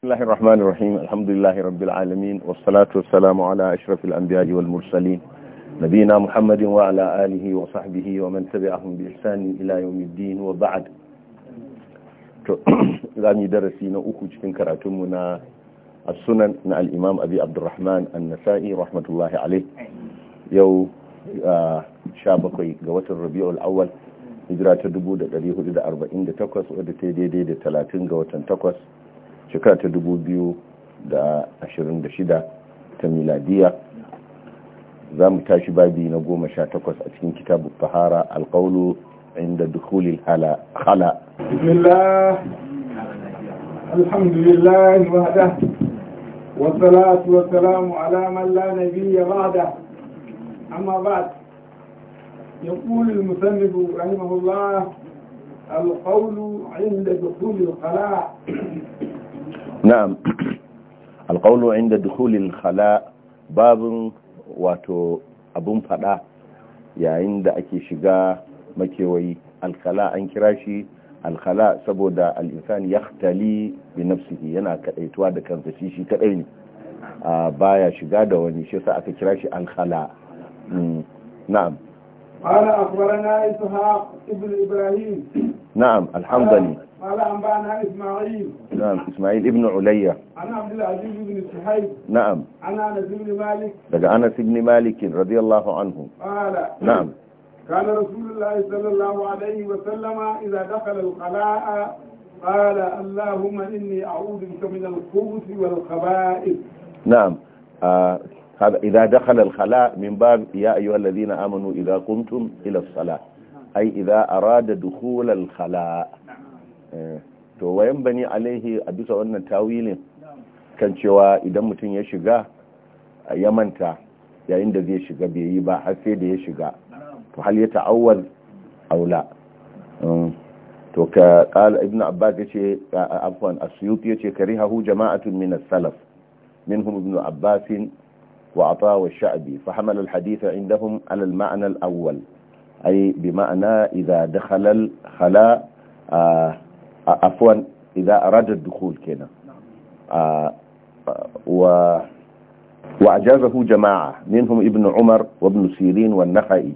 بسم الله الرحمن الرحيم الحمد لله رب العالمين والصلاة والسلام على أشرف الأنبياء والمرسلين نبينا محمد وعلى آله وصحبه ومن تبعهم بإحسان إلى يوم الدين وبعد لاني درسينا أخوش من كراتمنا السنن مع الإمام أبي عبد الرحمن النسائي رحمة الله عليه يو شابقي قوة الربيع الأول هجرة دبودة لليهود أربعين تقوس ودتي دي دي تلاتين قوة تقوس shekara ta dubu biyu da da 2026 ta miladiya za mu tashi babi na goma sha takwas a cikin kitabu fahara alƙaunu inda dukulil hala wasalamu lanabi ya da amma ya ƙuli musamman يقول المسند رحمه الله القول عند دخول الخلاء na'am alƙaunu inda dukulil khala babin wato abun fada yayin da ake shiga makewayi alkhala an kira shi alkhala saboda al'insani ya tali bi nafsihi yana kaɗaituwa da kansa shi shi kaɗai ne baya shiga da wani shi sa aka kira shi alkhala na'am قال أخبرنا إسحاق ابن إبراهيم نعم الحمد لله قال أنبأنا إسماعيل نعم إسماعيل ابن عليا عن عبد العزيز بن سحيب نعم عن أنس بن مالك لقى أنس بن مالك رضي الله عنه قال نعم كان رسول الله صلى الله عليه وسلم إذا دخل الخلاء قال اللهم إني أعوذ بك من الخبث والخبائث نعم آه هذا إذا دخل الخلاء من باب يا أيها الذين آمنوا إذا قمتم إلى الصلاة أي إذا أراد دخول الخلاء Eh, to wayan bani alaihi a bisa wannan tawilin kan cewa idan mutum ya shiga ya manta yayin da zai shiga bai yi ba har sai da ya shiga to hal ya ta'awwal aula mm. to ka qala ibnu abbas yace afwan asyuti yace karihahu jama'atun min as-salaf minhum ibnu abbas wa ata wa sha'bi fa hamala al-hadith indahum ala al-ma'na al-awwal ay bi ma'na idha dakhala al-khala آه، عفوا إذا أراد الدخول نعم و وأجازه جماعة منهم ابن عمر وابن سيرين والنخعي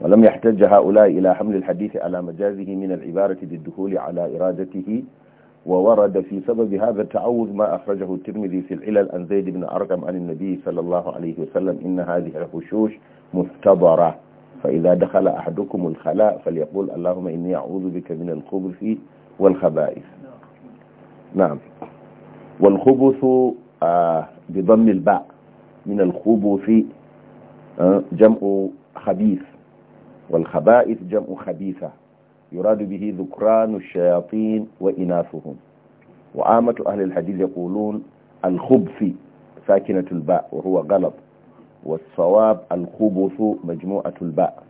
ولم يحتج هؤلاء إلى حمل الحديث على مجازه من العبارة بالدخول على إرادته وورد في سبب هذا التعوذ ما أخرجه الترمذي في العلل عن زيد بن أرقم عن النبي صلى الله عليه وسلم إن هذه الخشوش محتضرة فإذا دخل أحدكم الخلاء فليقول اللهم إني أعوذ بك من الخبث والخبائث نعم والخبث آه بضم الباء من الخبث آه جمع خبيث والخبائث جمع خبيثة يراد به ذكران الشياطين وإناثهم وعامة أهل الحديث يقولون الخبث ساكنة الباء وهو غلط والصواب الخبث مجموعة الباء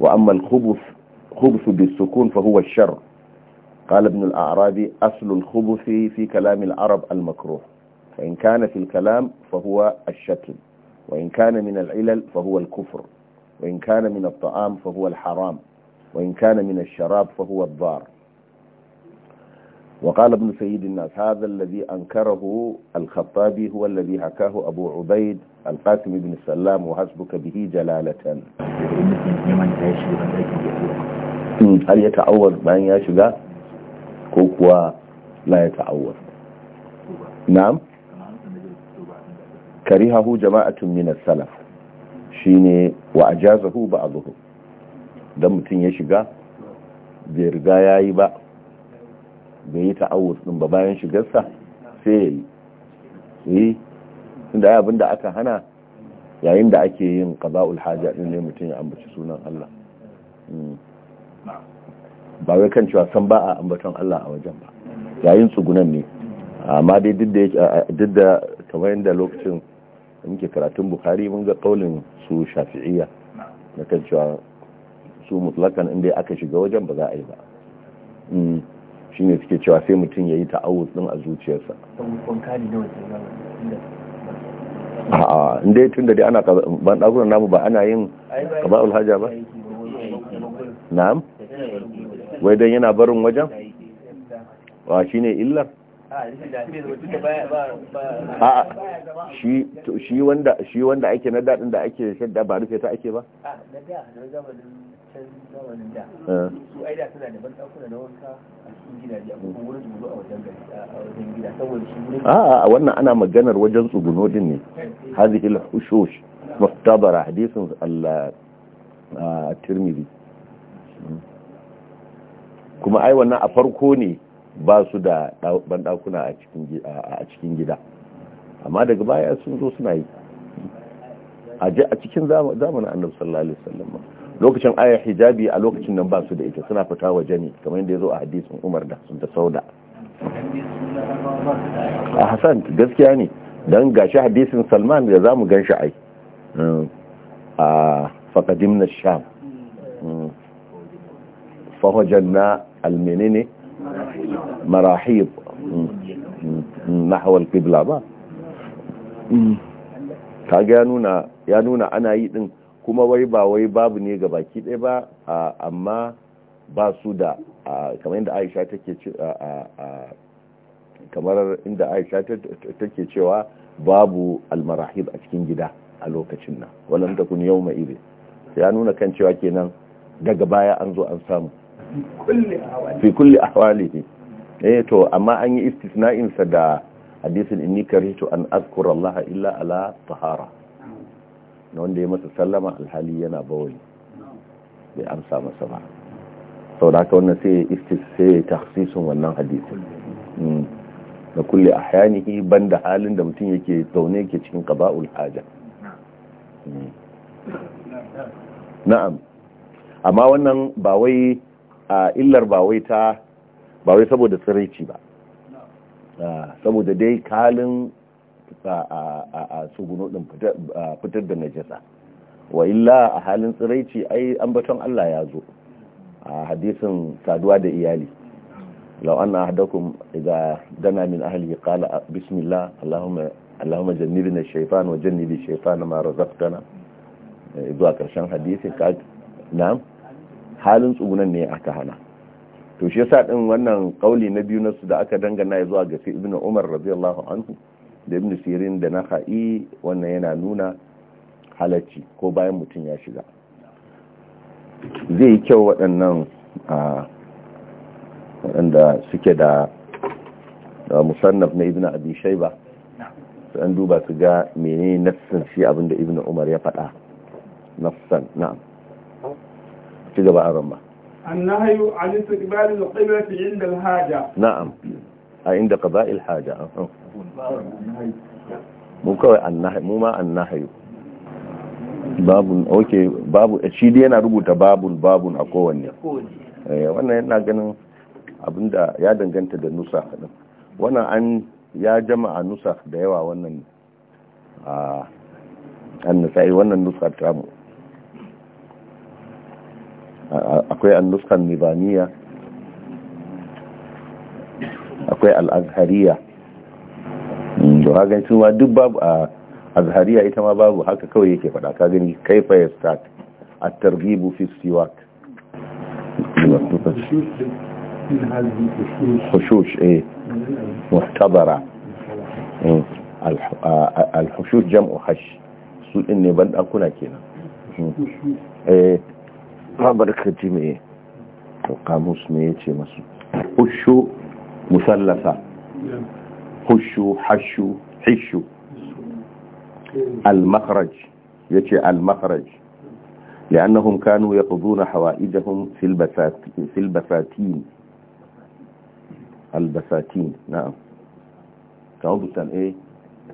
وأما الخبث خبث بالسكون فهو الشر قال ابن الأعرابي أصل الخبث في كلام العرب المكروه فإن كان في الكلام فهو الشتم وإن كان من العلل فهو الكفر وإن كان من الطعام فهو الحرام وإن كان من الشراب فهو الضار وقال ابن سيد الناس هذا الذي أنكره الخطابي هو الذي حكاه أبو عبيد القاسم بن السلام وحسبك به جلالة هل يتعوض بأن يشبه ko kuwa la ya ta'awwaz na'am karihahu jama'atun min as-salaf shine wa ajazahu ba'dhu dan mutun ya shiga bai riga yayi ba bai yi din ba bayan shigarsa sai yi inda abin da aka hana yayin da ake yin qada'ul haja din ne mutum ya ambaci sunan Allah hmm. ba wai kan cewa san ba a ambaton Allah a wajen ba yayin tsugunan ne amma dai duk da duk da kamar yadda lokacin da muke karatun Bukhari mun ga kaulin su Shafi'iyya na kan cewa su mutlakan inda aka shiga wajen ba za a yi ba mm ne suke cewa sai mutum ya yi ta'awuz din a zuciyarsa a inda ya da dai ana ban ɗagunan namu ba ana yin ƙaba'ul hajja ba na'am wai don yana barin wajen wa shi ne illar a shi wanda wanda ake na daɗin da ake shadda ba rufe ta ake ba eh. a a a wannan ana maganar wajen tsuguno din ne hazihil hushush muftabara hadisun Allah a Tirmidhi hmm. kuma ai wannan a farko ne ba su da banɗakuna a cikin gida amma daga baya sun zo suna yi a cikin zamanin annabi sallallahu alaihi wasallam lokacin aya hijabi a lokacin nan ba su da ita suna fita waje ne kamar yadda ya zo a hadisin umar da sun ta sauda a hassan gaskiya ne don gashi hadisin salman da za mu gan shi ai hmm. a fakadim na sham hmm. fahojanna almenene marahib nahawar qibla ba kaga ga nuna ya nuna ana yi din kuma wai ba wai babu ne ga baki ɗaya ba amma ba su da kamar inda aisha take kamar inda aisha take cewa babu almarahib a cikin gida a lokacin nan kun yau mai iri ya nuna kan cewa kenan daga baya an zo an samu fi kulli ahwalihi eh to amma an yi istisna'in sa da hadisin inni karitu an azkura Allah illa ala tahara na wanda ya masa sallama alhali yana bawai bai amsa masa ba sau da haka wannan sai istis sai tahsisun wannan hadisin Na kulle a hayanihi ban da halin da mutum yake zaune ke cikin ƙaba'ul haja hmm. na'am amma wannan ba wai a illar ba wai saboda tsiraici ba saboda dai kalin a suguno din fitar da najasa wa illa a halin tsiraici ai baton Allah ya zo a hadisin saduwa da iyali law anna ahadakum idza dana min ahlihi qala bismillah allahumma allahumma jannibna ash-shaytan wa jannibi ash-shaytana ma razaqtana eh, zuwa karshen hadisin ka na'am halin tsugunan ne aka hana to shi yasa din wannan kauli na biyu nasu da aka dangana zuwa ga sai ibnu umar radiyallahu anhu da ibnu sirin da naha'i wannan yana nuna halacci ko bayan mutum ya shiga zai yi kyau waɗannan waɗanda suke da musannaf na ibnu abi shaiba su an duba su ga menene nassan shi abinda ibn umar ya faɗa nassan na'am ci gaba a ramma النهي inda استقبال القبلة عند الحاجة نعم عند قضاء الحاجة mu kawai annahi mu ma annahi babun okay babu shi dai yana rubuta babun babun a kowanne eh wannan yana ganin abinda ya danganta da nusa din wannan an ya jama'a nusa da yawa wannan a ah, an wannan nusa ta mu akwai an nuskan nibaniya akwai al'azhariya hmm, to hagan cewa duk babu a azhariya ita ma babu haka kawai yake fada ka gani kaifa ya start a tarbibu fi siwak hushush eh muhtabara hmm. al-hushush jam'u hash su din ne ban dan kuna kenan hmm. eh ji mai kamus ne ya ce masu hushu musallasa hushu hashu hishu al makaraj ya ce al-makharaj لأنهم كانوا يقضون حوائجهم في البساتين في البساتين البساتين نعم كانوا a ايه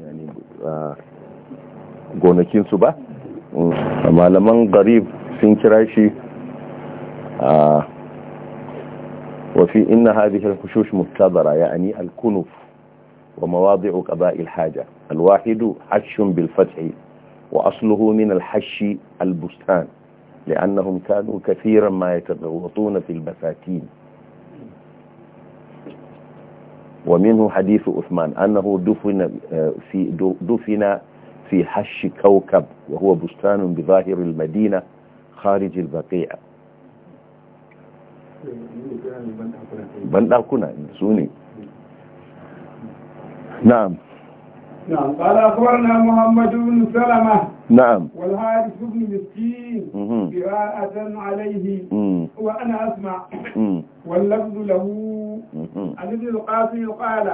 يعني gonakin su ba mm. malaman garib sun kira shi آه وفي إن هذه الحشوش مختبرة يعني الكنف ومواضع قضاء الحاجة الواحد حش بالفتح وأصله من الحش البستان لأنهم كانوا كثيرا ما يتغوطون في البساتين ومنه حديث أثمان أنه دفن آه، في, دفن في حش كوكب وهو بستان بظاهر المدينة خارج البقيع banɗakuna su نعم نعم قال أخبرنا محمد بن سلمة نعم والحارث بن مسكين قراءة عليه وأنا أسمع واللفظ له عن ابن القاسم قال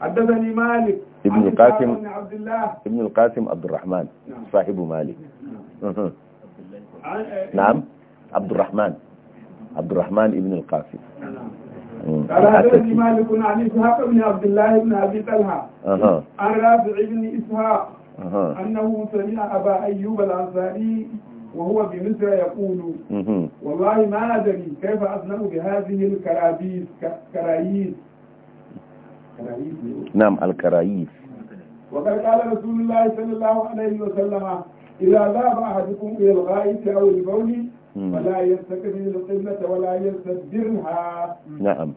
حدثني مالك ابن القاسم بن عبد الله ابن القاسم عبد الرحمن نعم. صاحب مالك نعم عبد الرحمن عبد الرحمن بن القاسم نعم قال حدثني مالك عن اسحاق بن عبد الله بن ابي طلحه عن رافع بن اسحاق انه سمع ابا ايوب الانصاري وهو بمصر يقول والله ما ادري كيف اصنع بهذه الكرابيس كرايس نعم الكرايس وقد قال رسول الله صلى الله عليه وسلم اذا ذهب احدكم الى الغائط او البول ولا يستكبر القبلة ولا يستدرها نعم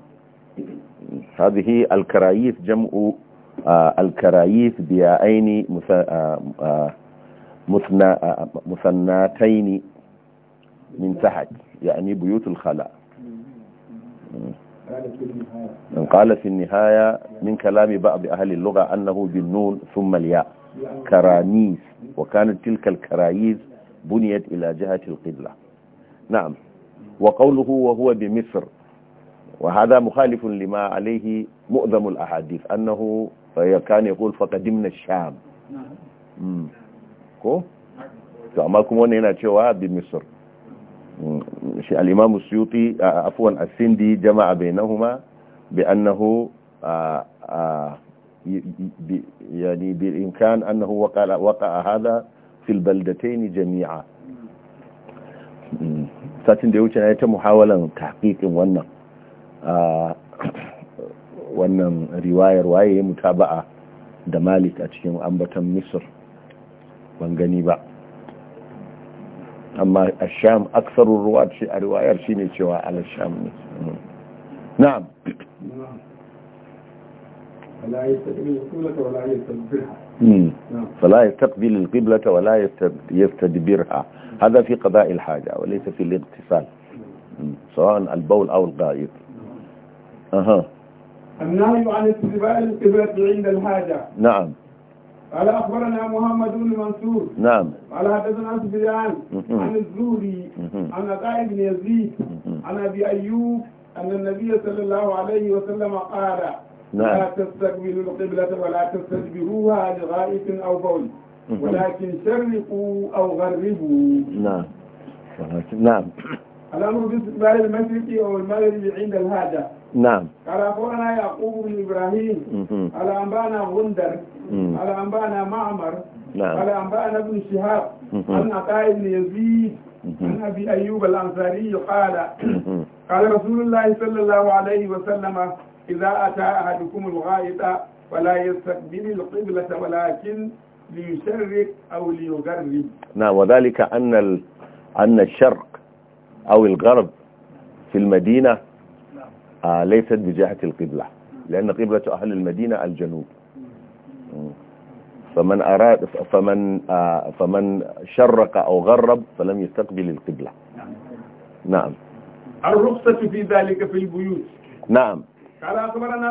هذه الكرايث جمع آه، الكرايث بيائين آه، آه، مثناتين من تحت يعني بيوت الخلاء قال في النهاية من كلام بعض أهل اللغة أنه بالنون ثم الياء يعني كرانيس وكانت تلك الكرايز بنيت إلى جهة القبلة نعم وقوله وهو بمصر وهذا مخالف لما عليه مؤذم الأحاديث أنه كان يقول فقدمنا الشام كو فما كم وانا هنا بمصر الإمام السيوطي آه، عفوا السندي جمع بينهما بأنه آه، آه، يعني بالإمكان أنه وقع, وقع هذا في البلدتين جميعا satin da ya wuce na ta muhawalan tafiƙin wannan wannan riwayar waye mutaba'a da Malik a cikin ambatan misir ban gani ba amma sham aksarun ruwa ce a riwayar shine cewa al-sham hmm. na'am فلا يستقبل القبلة ولا يستدبرها نعم. فلا يستقبل القبلة ولا يستدبرها هذا في قضاء الحاجة وليس في الاغتسال سواء البول أو الغائط نعم. أها النهي عن اتباع القبلة عند الحاجة نعم قال أخبرنا محمد بن منصور نعم قال حدثنا سفيان عن الزهري عن عطاء بن يزيد عن أبي أيوب أن النبي صلى الله عليه وسلم قال نعم لا تستقبلوا القبلة ولا تستدبروها لغائط أو بول نعم. ولكن شرقوا أو غربوا نعم نعم الأمر باستقبال المشرق أو المغرب عند الهادة نعم قال أخونا يعقوب بن إبراهيم قال أنبانا غندر قال أنبانا معمر نعم قال أنبانا بن شهاب عن عطاء بن يزيد عن أبي أيوب الأنصاري قال قال رسول الله صلى الله عليه وسلم إذا أتى أحدكم الغائط فلا يستقبل القبلة ولكن ليشرق أو ليغرب نعم وذلك أن, ال... أن الشرق أو الغرب في المدينة آه ليست بجهة القبلة لأن قبلة أهل المدينة الجنوب فمن أراد فمن آه فمن شرق أو غرب فلم يستقبل القبلة نعم, نعم. الرخصة في ذلك في البيوت نعم قال أخبرنا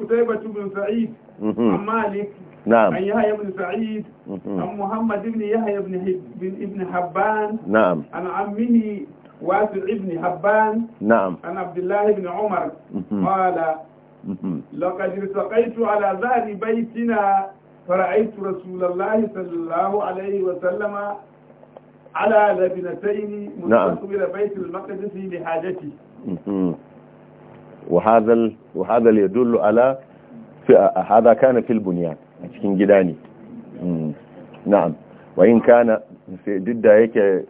قتيبة بن سعيد عن مالك نعم عن يحيى بن سعيد عن محمد بن يحيى بن ابن حبان نعم عن عمه واسع بن حبان نعم عن عبد الله بن عمر قال لقد التقيت على ظهر بيتنا فرأيت رسول الله صلى الله عليه وسلم على لبنتين مستقبل بيت المقدس لحاجتي وهذا ال... ya dullu ala في... هذا كان في a cikin gida ne na'am wayin kana duk da yake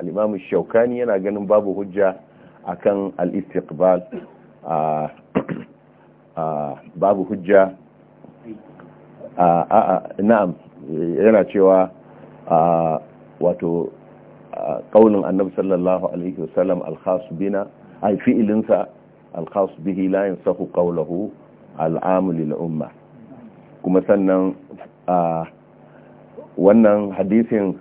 al-imam shaukani yana ganin babu hujja akan al-istiqbal babu hujja na'am yana cewa wato kaunin annabi sallallahu alaihi wasallam al-khas bina ai fi'ilinsa alkhas bihi la yansahu qawluhu al'amu lil umma kuma sannan wannan hadisin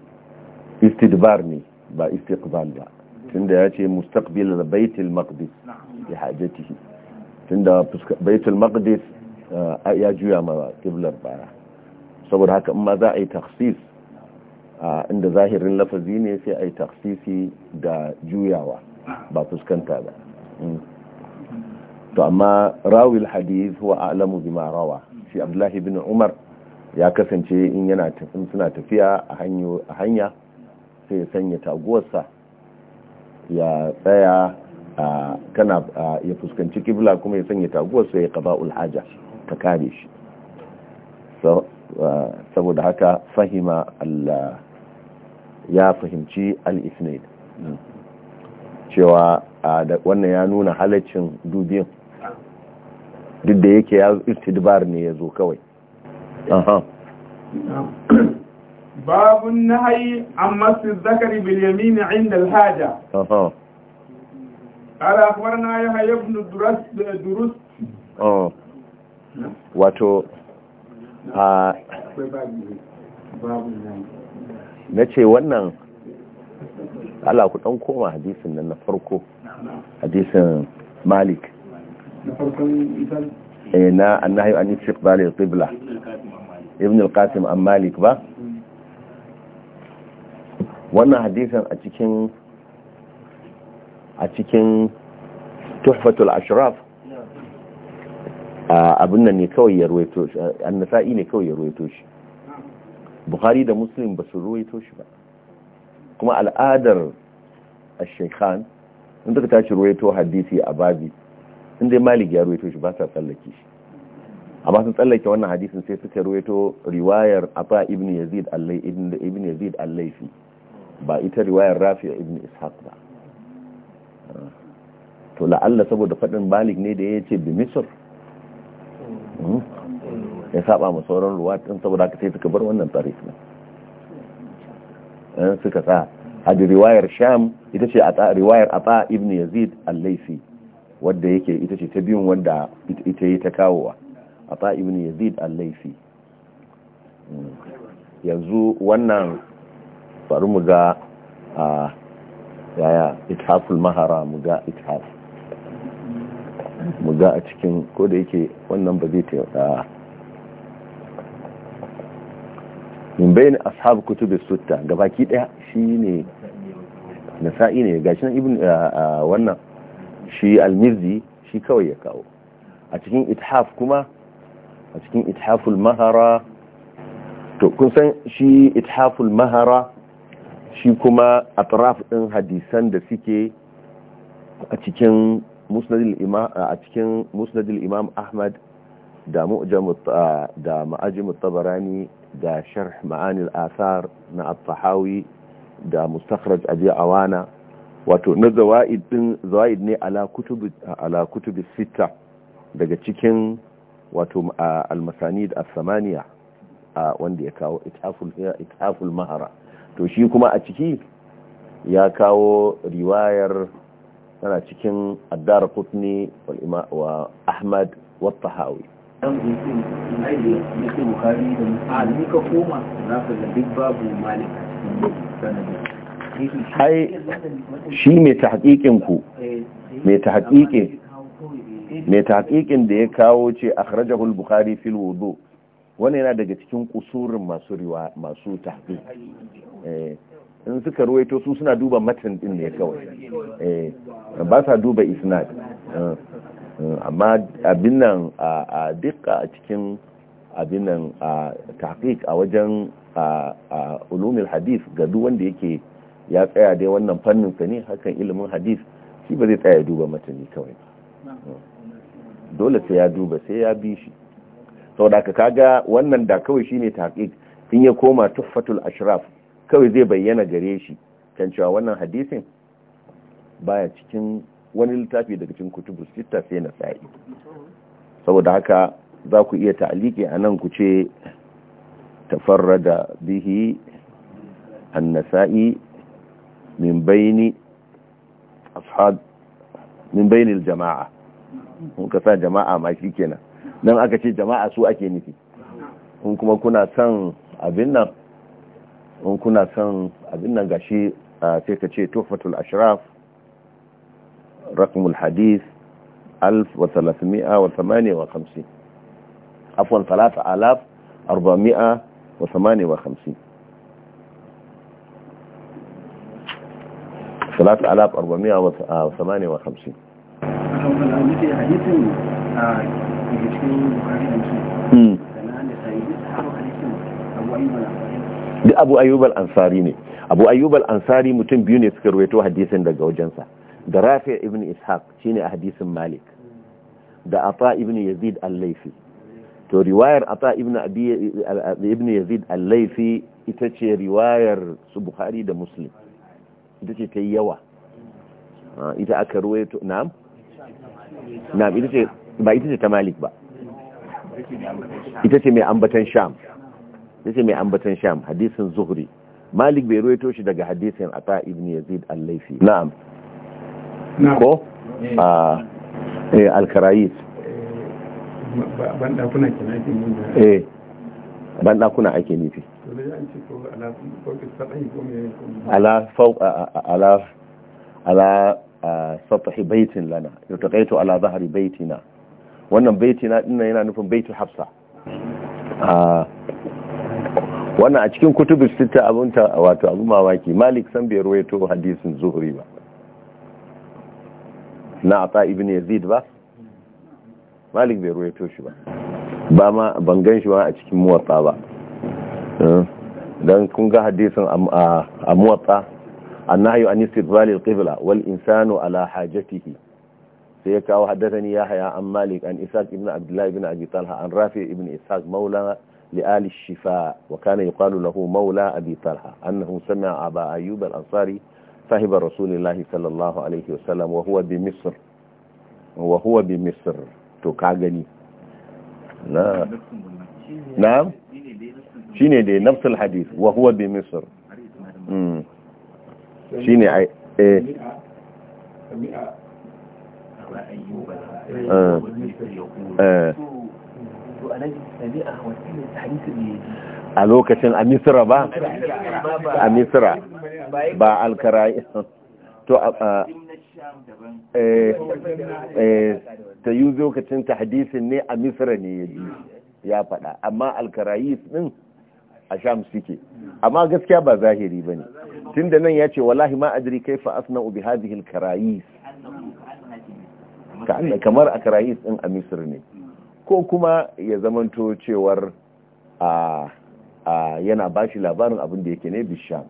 istidbar ne ba istiqbal ba tunda yace mustaqbil baitul maqdis bi hajatihi tunda baitul maqdis ya juya ma qiblar baya saboda haka amma za a yi takhsis inda zahirin lafazi ne sai a yi taksisi da juyawa ba fuskanta ba hmm. to amma rawil hadith huwa a'lamu bima rawa shi abdullahi bin umar ya kasance in yana tafin suna tafiya a hanyo a hanya sai ya sanya taguwarsa ya tsaya kana ya fuskanci kibla kuma ya sanya taguwarsa ya qada'ul haja ta kare shi saboda haka fahima Allah ya fahimci al-isnad hmm. cewa wannan ya nuna halaccin dubin duk da yake ya istidbar ne ya zo kawai babun nahayi an masu zakari bilyamini inda alhaja ala akwarna ya hayabnu durus wato na ce wannan ala ku dan koma hadisin nan na farko hadisin malik eh na annahi an istiqbal qibla ibn al-qasim an malik ba wannan hadisin a cikin a cikin tuhfatul ashraf ah, abin ne kawai ya ruwaito shi annasa'i ne kawai ya ruwaito shi bukhari da muslim ba su ruwaito shi ba kuma al'adar ash-shaykhan in suka tashi ruwaito hadisi a babi sun dai malik ya ruwaito shi ba sa tsallake shi amma sun tsallake wannan hadisin sai suka ruwaito riwayar afa ibn yazid allai ibn yazid allaifi ba ita riwayar rafi ibn ishaq ba to la'alla saboda faɗin malik ne da ya ce bi misr hmm? ya saba ma sauran ruwa ɗin saboda haka sai suka bar wannan tarif ne suka sa hadi riwayar sham ita ce riwayar ata ibn yazid al wadda yake ita ce ta biyun wanda ita yi ta kawowa a ta'ibin yazid al-laifi hmm. yanzu wannan faru mu ga a yaya ithaful mahara mu ga ithaf mu ga a cikin ko da yake wannan ba zai ta min bayin ashab da sutta gabaki daya na sa'i ne gashi nan ibn wannan shi almizi shi kawai ya kawo a cikin ithaf kuma a cikin ithaful mahara to kun san shi ithaful mahara shi kuma atraf din hadisan da suke a cikin musnadil imam a cikin musnadil imam ahmad da mu'jam da ma'ajim tabarani da sharh ma'anil athar na at-tahawi da mustakhraj abi awana wato na zawa'id din zawa'id ne ala kutubi ala kutubi sita daga cikin wato al-masanid as-samaniya wanda ya kawo itaful itaful mahara to shi kuma a ciki ya kawo riwayar tana cikin addar qutni wal wa ahmad wa tahawi dan gudun aiki ne ke bukari da alika ah, koma za ka ga duk babu malik sanadin ai shi mai tahqiqin ku mai tahqiqin mai tahqiqin da ya kawo ce akhrajahu al-bukhari fil wudu wannan yana daga cikin kusurin masu riwa masu tahqiq eh in suka ruwaito su suna duba matan din ne kawai eh ba sa duba isnad eh, amma abin nan a dukka a cikin abin nan a tahqiq a wajen a ulumul hadith ga duk wanda yake ya tsaya dai wannan fannin sa ne hakan ilimin hadis shi ba zai tsaya duba matani kawai ba dole sai ya duba sai ya bi shi saboda ka ga wannan da kawai shine taqiq in ya koma tuffatul ashraf kawai zai bayyana gare shi kan cewa wannan hadisin baya cikin wani littafi daga cikin kutubu sita sai na sa'i saboda haka za ku iya ta'aliki a nan ku ce tafarrada bihi nasa'i min بين ashab min بين jama'a mun ka sa jama'a ma shi kenan nan aka ce jama'a su ake nufi in kuma kuna son abin nan in kuna son abin nan gashi sai ka ce tuhfatul ashraf رقم الحديث 1358 عفوا 3458 salatu ala arba'amiya wa samaniya wa hamsin duk abu ayyubal ansari ne abu ayyubal ansari mutum biyu ne suka ruwaito hadisin daga wajensa da rafi ibn ishaq shine a hadisin malik da ata ibn yazid al-laifi to riwayar ata ibn abi ibn yazid al-laifi ita ce riwayar su bukhari da muslim ita ce ta yi yawa ah, ita aka ruwaito na'am na'am ita ce ba ita ce ta malik ba ita ce mai ambatan sham ita ce mai ambatan sham hadisun zuhri malik bai ruwaito shi daga a ta ibn yazid al-laifi na'am ko eh. a ah, eh, al-karayis eh, ban dakuna ake nufi ala fauq ala ala sathi baitin lana yutaqaitu ala zahri baitina wannan baitina din yana nufin baitu hafsa wannan a cikin kutubus sita abun ta wato abun mamaki malik san bai ruwaito hadisin zuhri ba na ata ibn yazid ba malik bai ruwaito shi ba ba ma ban gan shi ba a cikin muwatta ba Eh? dan kun ga hadisin a muwatsa annahi an istiqbal al wal insanu ala hajatihi sai ya kawo hadathani ya haya an malik an isaq ibn abdullah ibn abi talha an rafi ibn isaq maula li ali shifa wa kana yuqalu lahu maula abi talha annahu sami'a aba ayyub al-ansari صاحب رسول الله صلى الله عليه وسلم وهو بمصر وهو بمصر تو shine dai nafsul hadith wa huwa bi misr hmm. shine ai eh. Eh. Eh. eh a lokacin a misira ba a misira ba alkarai to a ta yi lokacin ta hadisin ne a misira ne ya faɗa amma alkarai din a sham suke amma gaskiya ba zahiri ba ne tun da nan ya ce wallahi ma adri kai fa asna ubi hadihil karayis kamar a karayis ɗin a misir ne ko kuma ya zamanto cewar a yana ba shi labarin abin da yake ne bisham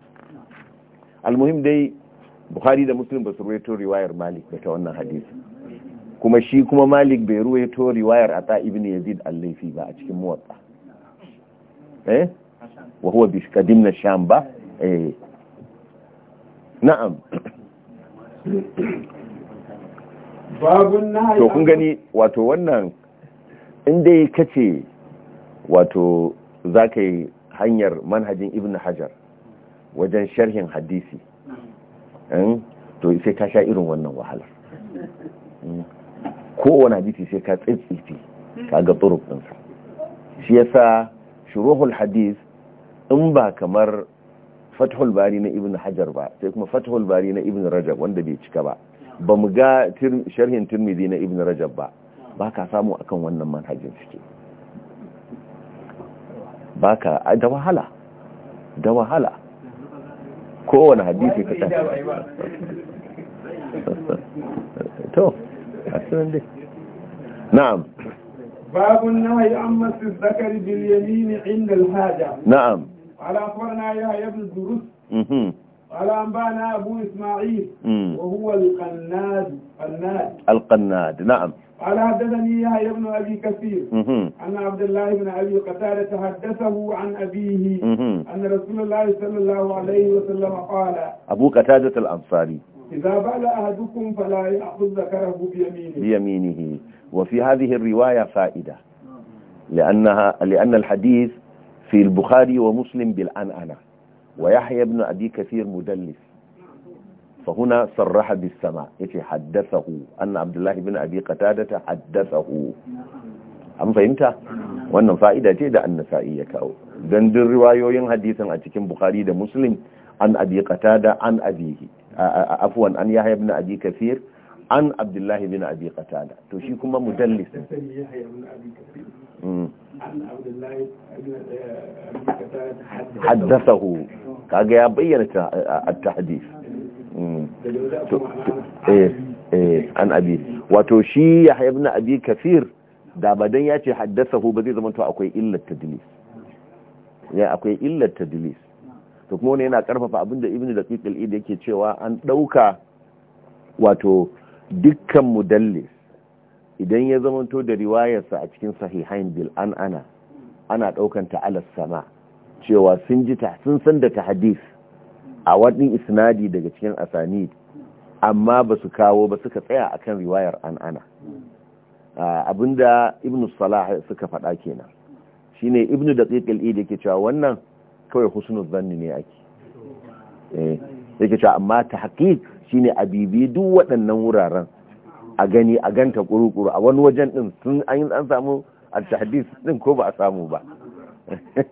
almuhim dai buhari da muslim ba su ruwaito riwayar malik ba ta wannan hadisi kuma shi kuma malik bai ruwaito riwayar ata ibni yazid allafi laifi ba a cikin muwatsa eh? wa huwa bi qadimna sham ba eh na'am to kun gani wato wannan in dai kace wato zaka yi hanyar manhajin ibn hajar wajen sharhin hadisi to sai ka sha irin wannan wahalar wani hadisi sai ka tsitsifi ka ga turuk shi yasa shuruhul hadis in ba kamar fathul bari na ibn hajar ba sai kuma fathul bari na ibn rajab wanda bai cika ba ba mu ga sharhin turmidi na ibn rajab ba ba ka samu akan wannan manhajin suke ba ka da wahala da wahala kowane hadisi ka ta to a dai na'am babun nawai an masu zakar bil inda al-haja na'am على أخبرنا يحيى بن الدروس على أنبانا أبو إسماعيل وهو القناد قناد القناد نعم على حدثني يحيى بن أبي كثير أن عبد الله بن أبي قتادة حدثه عن أبيه أن رسول الله صلى الله عليه وسلم قال أبو قتادة الأنصاري إذا بال أحدكم فلا يأخذ ذكره بيمينه بيمينه وفي هذه الرواية فائدة لأنها لأن الحديث في البخاري ومسلم بالأنأنة ويحيى بن أبي كثير مدلس فهنا صرح بالسماع يتي حدثه أن عبد الله بن أبي قتادة حدثه an fahimta wannan fa'ida ce da annasa'i ya kawo don riwayoyin hadisin a cikin bukari da muslim an abi qatada an abihi afwan an yahya ibn abi kafir an abdullah ibn abi qatada to shi kuma mudallis حدثه kaga ya bayyana at-tahdith an abi wato shi yahya ibn abi kafir da badan ya ce haddasahu ba zai zama to akwai illar tadlis ya akwai illar tadlis to kuma wani yana karfafa abinda ibn daqiq al-id yake cewa an dauka wato dukkan mudallis idan ya zamanto da riwayarsa a cikin sahihain bil an ana ana ɗaukanta alas sama cewa sun ji ta sun san da ta hadis a wani isnadi daga cikin asanid amma ba su kawo ba suka tsaya akan riwayar an ana abinda ibn salah suka faɗa kenan shine ibn daqiq al da ke cewa wannan kawai husnu zanni ne ake eh yake cewa amma ta tahqiq shine abibi duk waɗannan wuraren a gani a ganta kurukuru a wani wajen din sun an yi an samu a tahdis din ko ba a samu ba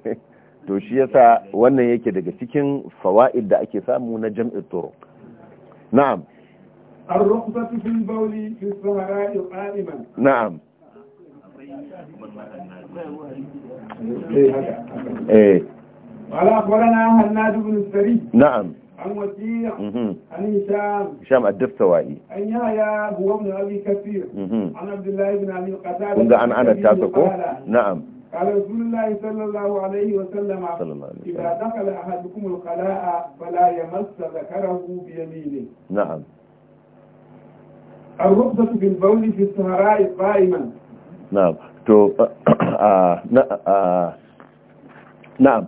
to shi yasa wannan yake daga cikin fawaid da ake samu na jam'i turuq na'am ar ruqsatu fil bawli fi sahara'i qa'iman na'am eh wala eh. qarana hannad ibn sari na'am عن وكيع عن هشام هشام الدفتوائي عن يحيى هو ابن ابي كثير عن عبد الله بن ابي قتاده عن انس تاسكو نعم قال رسول الله صلى الله عليه وسلم صلى الله عليه وسلم اذا دخل احدكم الخلاء فلا يمس ذكره بيمينه نعم الرخصة في البول في السهراء قائما نعم تو نعم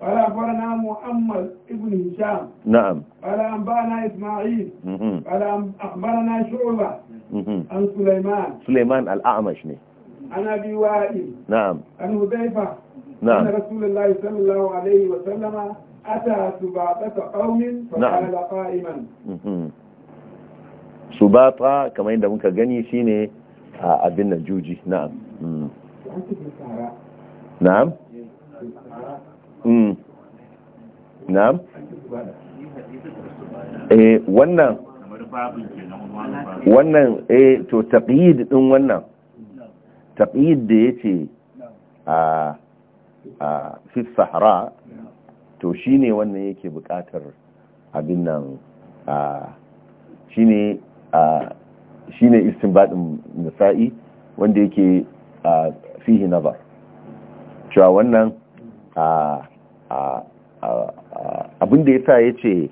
قال أخبرنا محمد بن هشام نعم قال أنبأنا إسماعيل قال أخبرنا شعبة عن سليمان سليمان الأعمش عن أبي وائل نعم عن هذيفة نعم أن رسول الله صلى الله عليه وسلم أتى سباطة قوم فقال قائما subata kamar yadda muka gani shine a abin nan juji na'am na'am Mm. na'am eh wannan wannan eh to taqyid din wannan taqyid da yace a a fi sahara to shine wannan yake buƙatar abin nan a shine a shine istinbadin nisa'i wanda yake fihi nazar cewa wannan abinda ya sa ya ce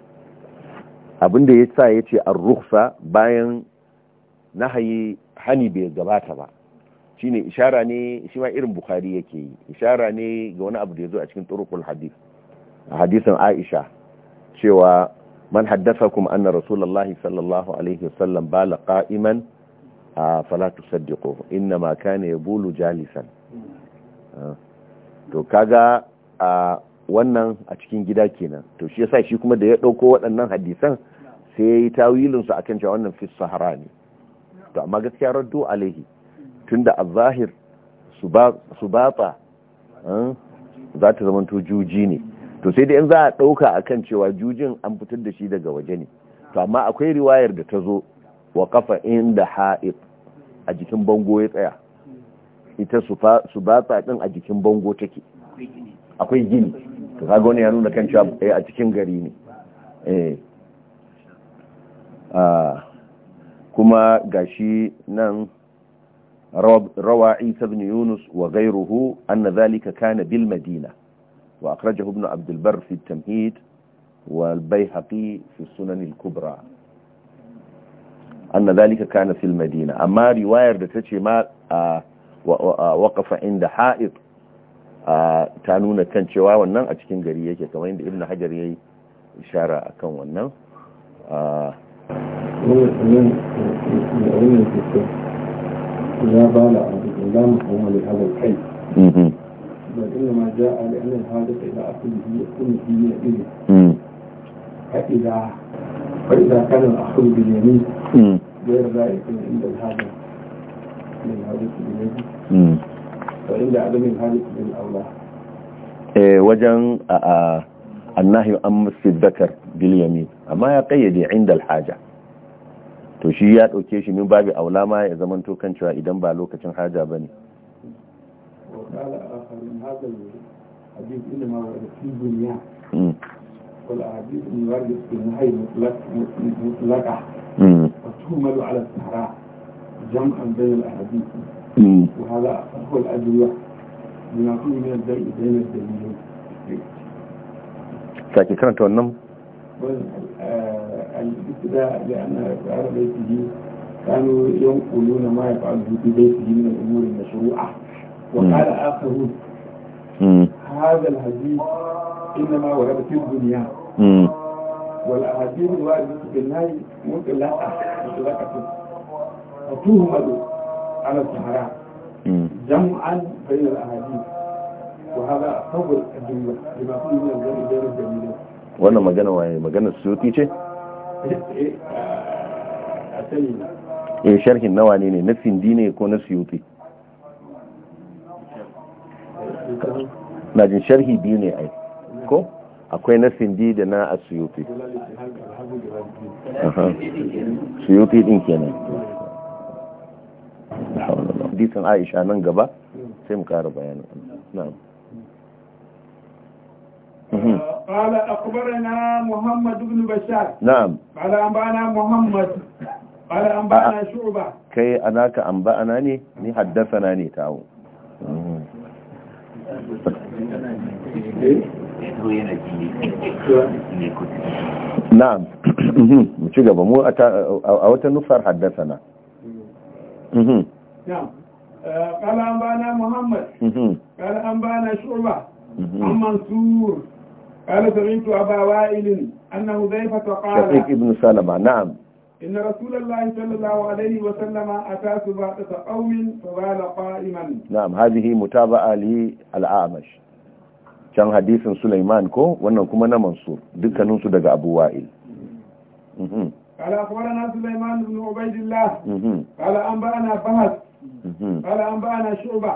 abinda ya sa ya ce an ruksa bayan nahayi hani bai gabata ba shine ishara ne shi ma irin bukari yake yi ishara ne ga wani abu da ya zo a cikin turukul hadis a hadisan aisha cewa man haddasa kuma anna rasulallah sallallahu alaihi wasallam bala qa'iman fala tusaddiquhu ma kane bulu jalisan hmm. ah. to kaga a wannan a cikin gida kenan to shi yasa shi kuma da ya dauko waɗannan hadisan sai yayi yi su a cewa wannan fis sahara ne to amma gaskiya raddo alaihi tunda a zahir su batsa eh, za ta zama juji ne to sai da yan za a ɗauka a kan cewa jujin an fitar da shi daga waje ne to amma akwai riwayar da ta zo wa kafa inda ha'ib a jikin bango ya tsaya ita su ba ta ɗin a jikin bango take akwai gini ta kaga wani ya nuna kan cewa eh, a cikin gari ne eh. ah. kuma gashi nan rawa isa yunus wa gairuhu an zalika kana bil madina wa akraja hubnu abdulbar fi tamhid wa bai fi sunan kubra an na zalika kana fil madina amma riwayar da ta ce ma a ah, waƙafa inda ha'id ta nuna kan cewa wannan a cikin gari yake kamar inda ibn hajar ya yi ishara a kan wannan mm-hmm. Mm-hmm. فإذا كان الأخذ باليمين mm-hmm. غير ذلك من عند الهاجر Hmm. Eh, wajen annahi an musu dakar biliyami amma ya kayyade inda alhaja to shi ya ɗauke shi min babu aula ma ya zama kan cewa idan ba lokacin haja ba ne والأحاديث المواردة في النهي جمعا بين الأحاديث وهذا هو الأدوية ينافي من الجمع بين الدليلين sake karanta تونم الابتداء ibtida da بيته كانوا baitihi ما يفعل ma من bi baitihi وقال al هذا الحديث إنما ورد في الدنيا والأحاديث الواردة في النهاية ممكن لا مطلقة فتهمد على السهراء wannan magana magana suyuti ce? eh sharhin nawa ne na sindi ko na suyuti na jin sharhi biyu ne ai ko akwai na sindi da na asuyuti suyuti din kenan hadisin Aisha nan gaba sai mu ƙara bayanin na'am قال أخبرنا محمد بن بشار نعم قال أنبأنا محمد قال أنبأنا شعبة كي أناك mu ci gaba mu a wata nufar haddasa mhm. na. قال أنبانا محمد قال أنبانا شعبة عن منصور قال سمعت أبا وائل أن حذيفة قال شقيق ابن سلمة نعم إن رسول الله صلى الله عليه وسلم أتى سباطة قوم فبال قائما نعم هذه متابعة للأعمش كان حديث سليمان كو wannan كمنا منصور دكا dukkanin su daga Abu قال أخبرنا سليمان بن عبيد الله قال أنبأنا فهد قال أنبأنا شعبة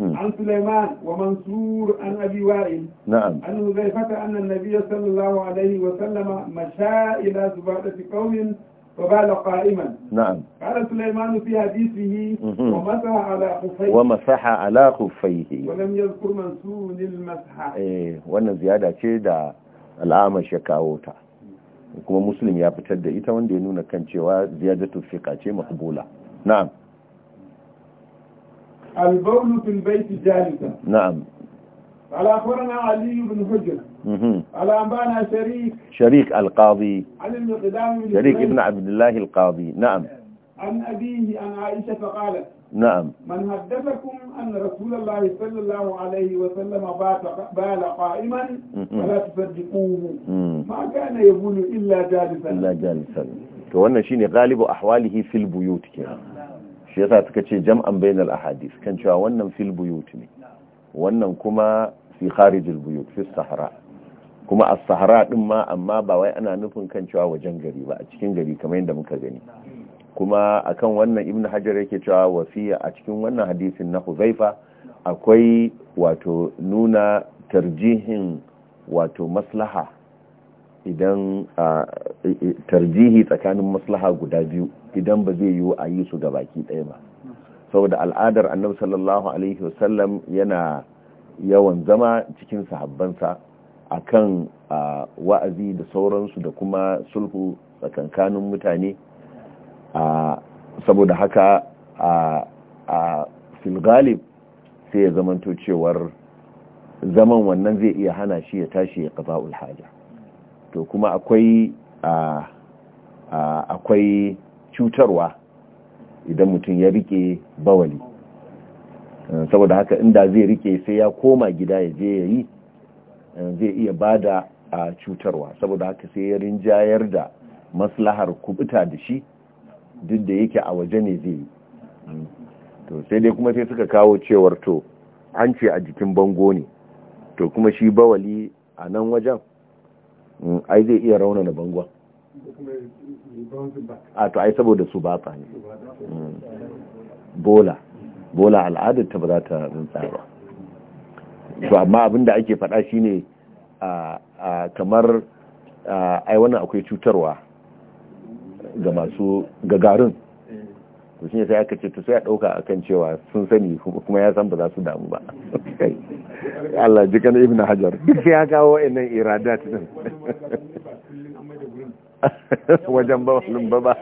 عن سليمان ومنصور عن أبي وائل نعم عن حذيفة أن النبي صلى الله عليه وسلم مشى إلى زبادة قوم فبال قائما نعم قال سليمان في حديثه ومسح على خفيه ومسح على خفيه ولم يذكر منصور المسح ايه wannan ziyada ce da al'amash ya kuma muslim ya fitar da ita wanda ya nuna kan cewa ziyadatu fiqa ce maqbula na'am البول في البيت جالسا نعم على أخبرنا علي بن حجر على أنبانا شريك شريك القاضي عن المقدام بن شريك ابن عبد الله القاضي نعم عن أبيه عن عائشة فقالت نعم من حدثكم أن رسول الله صلى الله عليه وسلم بال قائما فلا تصدقوه ما كان يبول إلا جالسا إلا جالسا to شيني غالب أحواله في البيوت كرام shi yasa suka ce jam'an bainal ahadis kan cewa wannan fil buyut ne wannan kuma fi kharijil buyut fi sahara kuma a sahara din ma amma ba wai ana nufin kan cewa wajen gari ba a cikin gari kamar yadda muka gani kuma akan wannan ibn hajar yake cewa wasiya a cikin wannan hadisin na huzaifa akwai wato nuna tarjihin wato maslaha idan tarjihi tsakanin maslaha guda biyu idan ba zai yiwu a yi su ga baki ɗaya ba saboda al'adar annabi sallallahu alaihi wasallam yana yawan zama cikin sahabbansa a kan wa'azi da sauransu da kuma sulhu tsakankanin mutane saboda haka a filgalib sai ya zamanto cewar zaman wannan zai iya hana shi ya tashi ya kafa ulhaja to kuma akwai akwai cutarwa idan mutum ya rike bawali eh, saboda haka inda zai rike sai ya koma gida ya je ya yi eh, zai iya bada a cutarwa saboda haka sai ya rinjayar da maslahar kubuta da shi duk da yake a waje ne zai yi hmm. to sai dai kuma sai suka kawo cewar to an ce a jikin bango ne to kuma shi bawali a nan wajen Mm, ai zai iya raunana bangon a to ai saboda su ba ta ne mm. bola bola al'adar ta ba za ta rinsa ba to amma abinda ake faɗa shine a kamar ai wannan akwai cutarwa ga masu gagarin to shi sai aka ce to sai a ɗauka kan cewa sun sani kuma ya san ba za su damu ba Allah ji ibn hajar duk sai ya kawo wa'annan iradat din wajen ba wani ba ba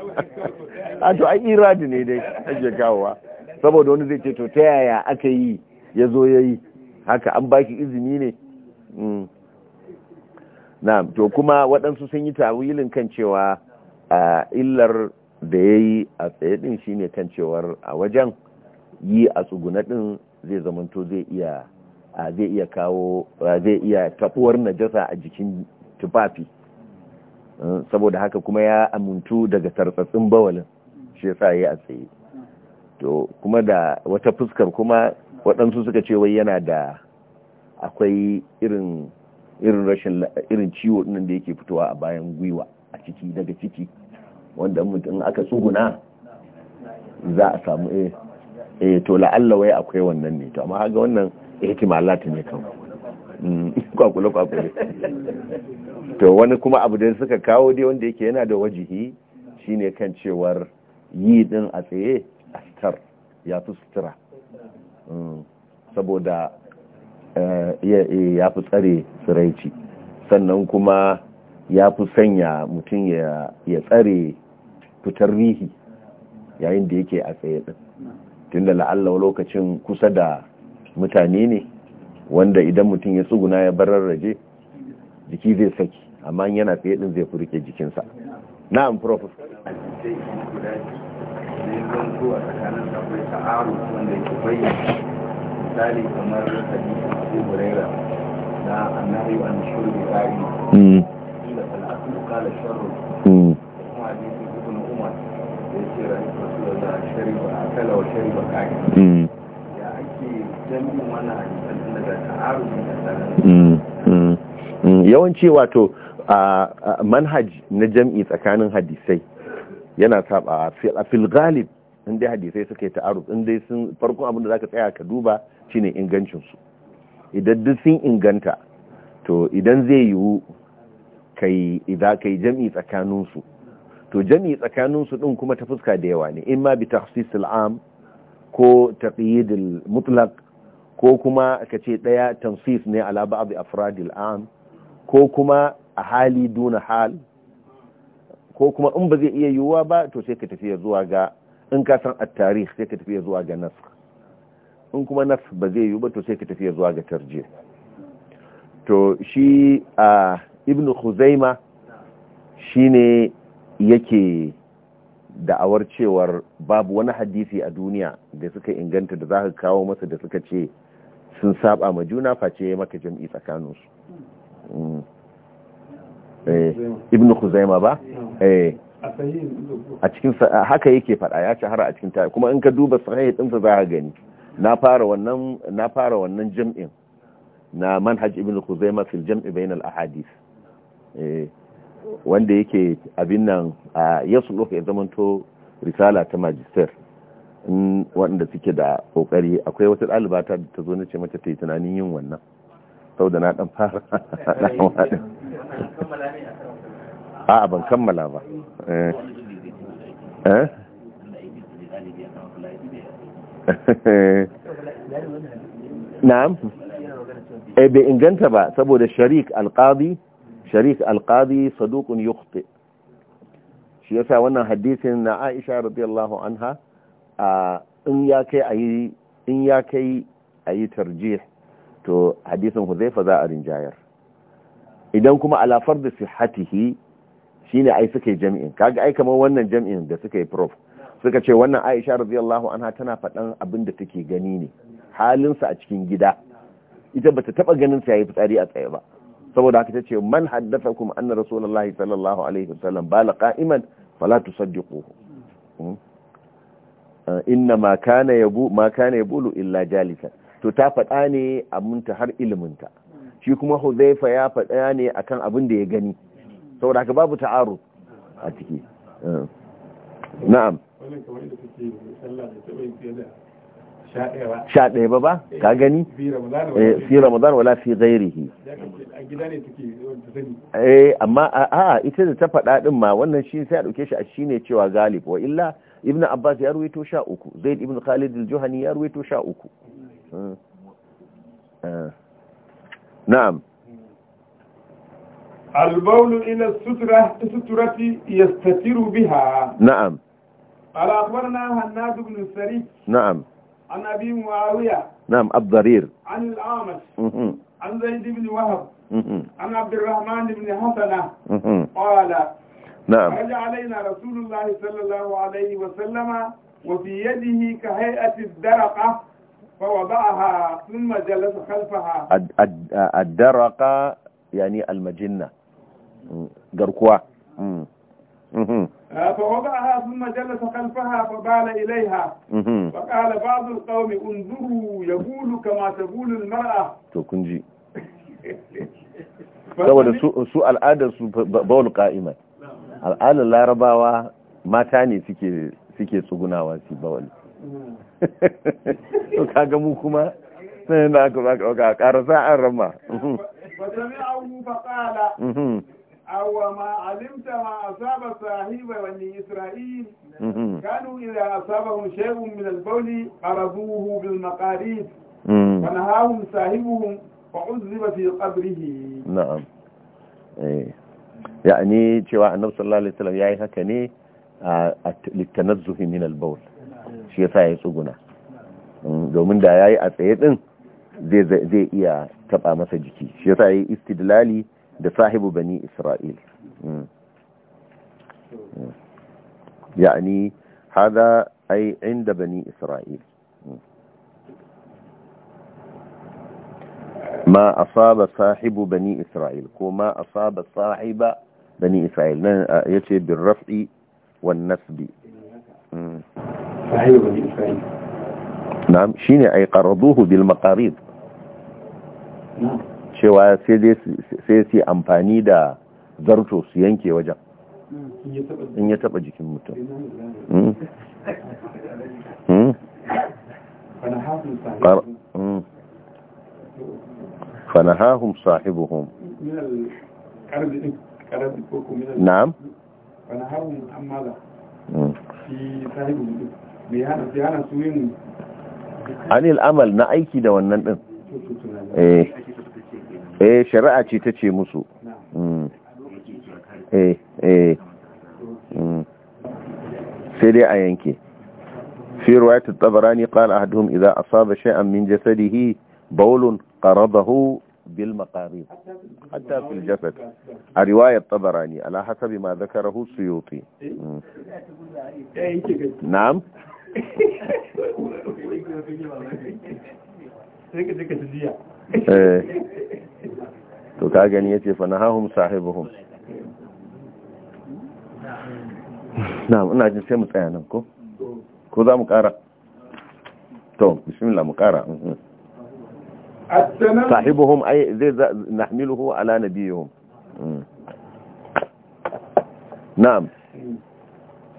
a to ai iradi ne dai ake kawowa saboda wani zai ce to ta yaya aka yi ya zo ya yi haka an baki izini ne hmm. na to kuma waɗansu sun yi tawilin kan cewa a illar da ya yi a tsaye din shi ne kan cewar a wajen yi a tsuguna ɗin zai zamanto zai iya zai iya kawo zai iya tafuwar najasa a jikin tufafi mm, saboda haka kuma ya amintu daga tartsatsin bawalin shi ya yi a tsaye to kuma da wata fuskar kuma waɗansu suka ce wai yana da akwai irin irin rashin irin ciwo ɗin da yake fitowa a bayan gwiwa a ciki daga ciki wanda mutum aka tsuguna za a samu eh eh to la'alla wai akwai wannan ne to amma haga wannan ihtimalat ne kan mm, kwakule kwakule to wani kuma abu da suka kawo dai wanda yake yana da wajihi shine kan cewar yi din a tsaye a star ya fi sutura mm, saboda eh, eh, ya fi tsare tsiraici sannan kuma ya fi sanya mutum ya tsare fitar rihi yayin da yake a tsaye din tunda la'alla lokacin kusa da mutane ne wanda idan mutum ya tsuguna ya bar bararraje jiki zai saki amma yana tsaye din zai furke jikinsa na'am prof misali kamar hadisin hmm. abu huraira hmm. na annabi an shurbi bari ila al-aslu qala sharru Mm. Mm. yawanci wato manhaj na jam'i tsakanin hadisai yana saba a filgalib inda hadisai suka yi ta'aruf inda sun farkon abin da zaka tsaya ka duba shine ingancinsu idan duk sun inganta to idan zai yiwu kai idan jam'i tsakaninsu. to jami tsakanin su din kuma ta fuska da yawa ne in ma bi takhsis am ko taqyidul mutlaq ko kuma ka ce daya tansif ne ala ba'd afradil am ko kuma a hali duna hal ko kuma in ba zai iya yiwuwa ba to sai ka tafiya zuwa ga in ka san at-tarikh sai ka tafiya zuwa ga nasr in kuma nasr ba zai yiwu ba to sai ka tafiya zuwa ga tarjih to shi a ah, ibnu khuzaima shine yake da'awar cewar babu wani hadisi a duniya da suka inganta da za ka kawo masa da suka ce sun saba ma juna face ya maka jam'i tsakaninsu mm. eh, ibn Khuzaima ba mm. eh. a cikin haka yake faɗa ya shahara a cikin ta kuma in ka duba sahih dinsa za ka gani na fara wannan na fara wannan jam'in na manhaj ibn Khuzaima fil jam'i bainal ahadith eh wanda yake abin nan a yasu ya zamanto risala ta majistar, waɗanda suke da ƙoƙari, akwai wata ɗalibata da ta zo na ce mata ta yi tunanin yin wannan sau da na ɗan fara a ban kammala ba eh. Eh. na'am eh, bai inganta ba saboda sharik alƙadi شريك القاضي صدوق يخطئ shi yasa wannan hadisin na Aisha radiyallahu anha in ya kai ayi in ya kai ayi tarjih to hadisin Huzaifa za a rinjayar idan kuma ala fardu sihhatihi shine ai suka jami'in kaga ai kamar wannan jami'in da suka yi prof suka ce wannan Aisha radiyallahu anha tana faɗan abin da take gani ne halinsa a cikin gida ita bata taba ganin sa yayi fitsari a tsaye ba saboda haka tace man haddathakum anna rasulullahi sallallahu alaihi wasallam bala qa'iman fala tusaddiquhu hmm? uh, inna ma kana yabu ma kana yabulu illa jalisa to ta faɗa ne a munta har iliminta shi kuma huzaifa ya faɗa ne akan abin da ya gani saboda haka babu ta'aru a ciki uh, na'am wannan kamar da kake sallah da tabayin fiye da sha ɗaya ba ba eh, ka gani fi ramadan eh, wala fi gairihi eh amma a ita da ta faɗa ɗin ma wannan shi sai a ɗauke shi a shi ne cewa galib wa illa ibn abbas ya ruwaito sha uku zaid ibn khalid al-juhani ya ruwaito sha uku eh. na'am البول إلى السترة سترة يستتر بها نعم قال أخبرنا هناد بن السري نعم عن أبي معاوية نعم الضرير عن الأعمش عن زيد بن وهب عن عبد الرحمن بن حسنة قال نعم رجع علينا رسول الله صلى الله عليه وسلم وفي يده كهيئة الدرقة فوضعها ثم جلس خلفها الدرقة يعني المجنة garkuwa فوضعها ثم جلس خلفها فبال إليها فقال بعض القوم انظروا يبول كما تبول المرأة تكنجي saboda su al'adar su baul ka'ima al'adar larabawa mata ne suke tsugunawa su bawal to kaga mu kuma sai da aka ƙara sa'an rama فسمعه فقال أو ما علمت ما أصاب صاحب بني إسرائيل كانوا إذا أصابهم شيء من البول قرضوه بالمقاريد فنهاهم صاحبهم فعذب في قبره نعم يعني cewa annabi sallallahu alaihi wasallam yayi haka ne a litanazzuhi min al-bawl shi yasa tsuguna domin da yayi a tsaye din zai iya taɓa masa jiki shi yasa yayi istidlali da sahibu bani isra'il yani hada ai inda bani isra'il ma asaba sahibu bani isra'il ko ma asaba sahiba bani isra'il nan yace bin raf'i wan nasbi sahibu bani isra'il na'am shine ai qaraduhu bil maqarid na'am cewa sai su amfani da zarto su yanke wajen in ya taba jikin mutum hmm? Hmm? Hmm? fanahahum sahibuhum na'am fanahahum amala fi sahibuhum bayanan su yin anil amal na aiki da wannan din eh eh shari'a ce ta ce musu mm. eh eh mm. sai dai a yanke fi riwayat at-tabarani qala ahaduhum idza asaba shay'an min jasadihi Baulun qaradahu bil maqarib hatta fil jasad a riwayar tsabarani, ala hasabi ma dhakarahu suyuti mm. na'am to ka gani yace fa nahahum sahibuhum na'am ina jin sai mu tsaya nan ko ko za mu kara to bismillah mu kara sahibuhum ai zai nahmiluhu ala nabiyihim na'am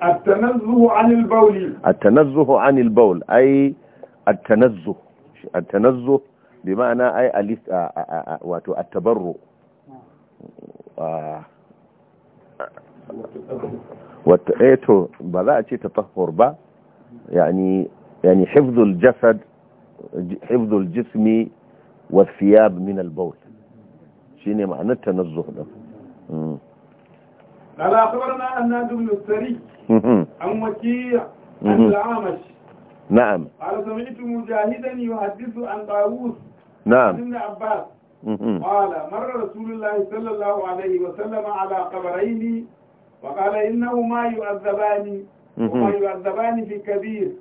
التنزه عن البول التنزه عن البول أي التنزه التنزه بمعنى اي الاست آه، آه، آه، واتو التبرؤ واتو إيه بلا تطهر با يعني يعني حفظ الجسد حفظ الجسم والثياب من البول شنو معنى التنزه ده قال اخبرنا ان بن السري عن وكيع عن العامش نعم قال سمعت مجاهدا يحدث عن طاووس نعم ابن عباس قال مر رسول الله صلى الله عليه وسلم على قبرين وقال إنهما يؤذبان وما يؤذبان في كبير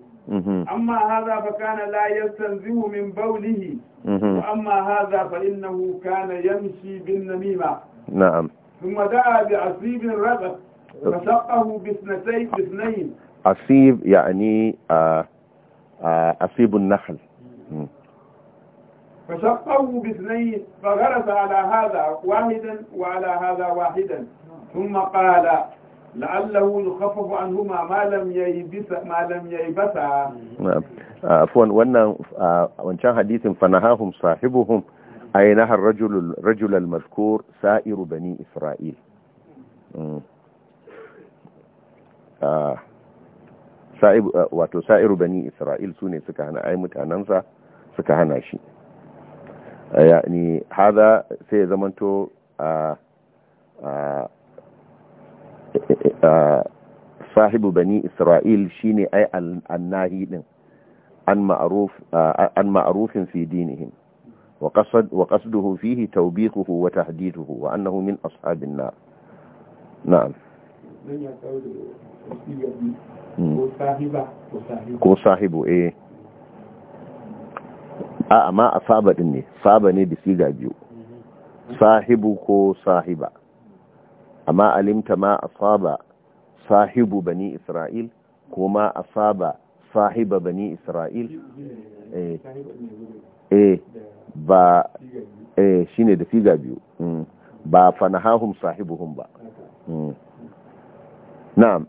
أما هذا فكان لا يستنزه من بوله وأما هذا فإنه كان يمشي بالنميمة نعم ثم دعا بعصيب رغب فسقه باثنتين باثنين عصيب يعني آه آه، أصيب النخل فشقوه باثنين فغرس على هذا واحدا وعلى هذا واحدا ثم قال لعله يخفف عنهما ما لم ييبسا ما لم ييبسا نعم. آه، عفوا وان wancan آه، حديث فنهاهم صاحبهم اي nahar الرجل الرجل المذكور سائر بني اسرائيل isra'il Eh, wato sa'iru bani isra'il su ne suka hana ai mutanensa suka hana shi eh, ni haza sai ya zamanto a eh, sahibu bani isra'il shine ai annahi din an ma'arufin fi dinihim وقصده فيه توبيخه wa annahu min أصحاب النار نعم Mm. ko sahibu eh a amma a saba din ne saba ne da siga biyu mm-hmm. sahibu ko sahiba amma alimta ma asaba sahibu bani isra'il ko ma asaba sahiba bani isra'il eh eh ba eh shine da siga biyu mm. ba fanahahum sahibuhum ba mm. na'am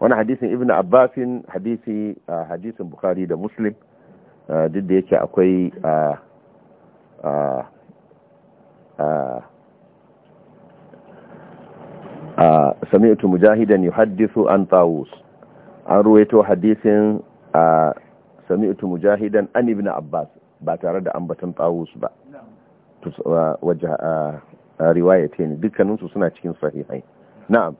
wani hadisin ibn abbasin hadisi a hadisin bukhari da muslim duk da yake akwai sami'tu mujahidan hadisu an tawus an ruwaito hadisin sami'tu mujahidan an ibn abbas ba tare da ambaton tawus ba wajen riwayatini dukkaninsu suna cikin sahihai na'am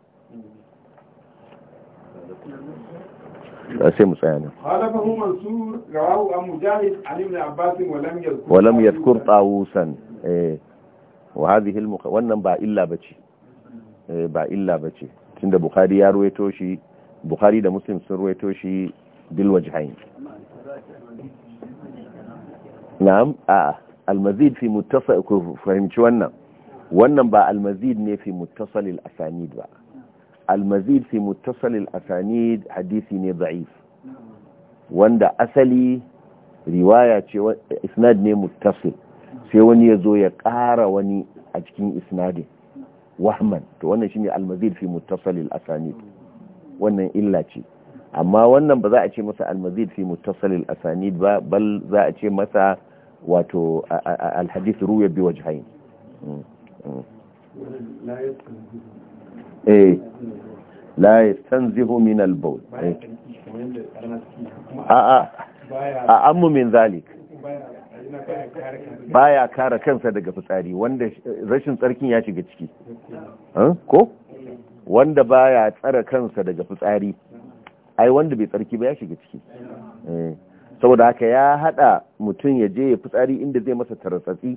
sai mu tsaya ne khalafahu mansur rawahu an mujahid an ibn abbas wa lam tawusan wa hadhihi wannan ba illa bace ba illa bace tunda bukhari ya ruwaito shi bukhari da muslim sun ruwaito shi bil wajhain na'am a al-mazid fi muttasil ku fahimci wannan wannan ba al-mazid ne fi muttasil al-asanid ba almazid fi muttasalil asanid hadisi ne da'if wanda asali riwaya ce isnad ne muttasil sai wani ya zo ya ƙara wani a cikin isnadin wahman to wannan shine almazid fi muttasalil asanid wannan illa ce amma wannan ba za a ce masa almazid fi muttasalil asanid ba bal za a ce masa wato alhadis ruya bi wajhain eh la yastanzihu min al-bawl eh. a a ammu min zalik baya kare kansa daga fitsari wanda rashin tsarkin ya shiga ciki ko wanda baya tsara kansa daga fitsari ai wanda bai tsarki ba ya shiga ciki eh. saboda haka ya hada mutum ya je ya fitsari inda zai masa tarasatsi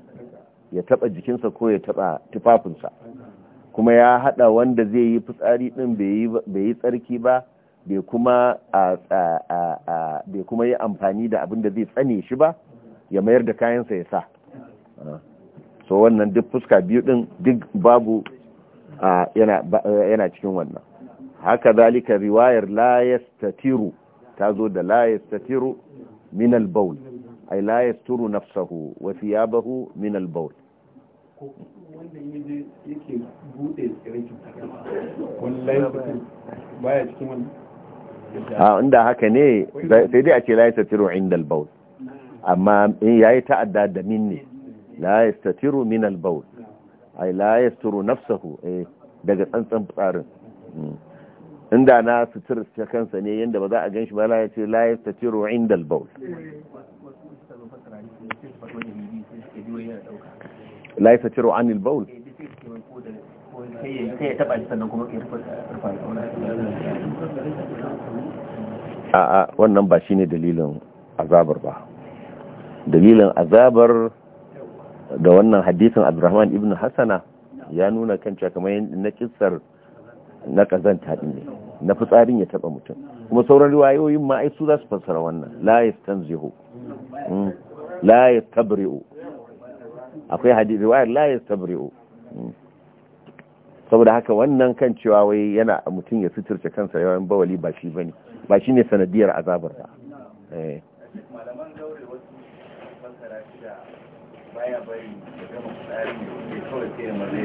ya taba jikinsa ko ya taba tufafinsa kuma ya hada wanda zai yi fitsari din bai yi tsarki ba bai kuma yi amfani da abin da zai tsane shi ba ya mayar da kayansa ya sa so wannan duk fuska biyu din duk babu yana cikin wannan haka zalika riwayar la yastatiru ta zo da layas yastatiru min al ai ay la yasturu nafsahu ya bahu min al wanda yaje yake bude wallahi baya cikin wannan a inda haka ne sai dai a ce la yastatiru inda al-bawl amma in yayi ta'adda da minni la yastatiru min al-bawl ay la yasturu nafsahu eh, daga tsantsan tsarin hmm. inda na sutura ta kansa ne yadda ba za a gan shi ba la ya ce la ya inda la ciro anil baul. Eh, a'a wannan ba shi ne dalilin azabar ba dalilin azabar da wannan hadisin Abdurrahman ibn Hassana ya nuna kan cewa kamar na kissar na kazanta din ne na fitsarin ya taba mutum kuma sauran riwayoyin ma ai su za su fassara wannan la yastanzihu hmm. la yastabri'u akwai hadisi riwayar la yastabri'u saboda haka wannan kan cewa wai yana mutum ya suturce kansa yawan bawali ba shi bane ba shi ne sanadiyar azabar ba eh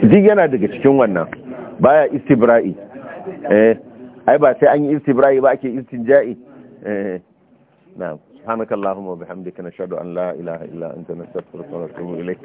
duk yana daga cikin wannan baya istibra'i eh ai ba sai an yi istibra'i ba ake istinja'i eh na'am allahumma wa bihamdika nashhadu an la ilaha illa anta nastaghfiruka wa natubu ilayk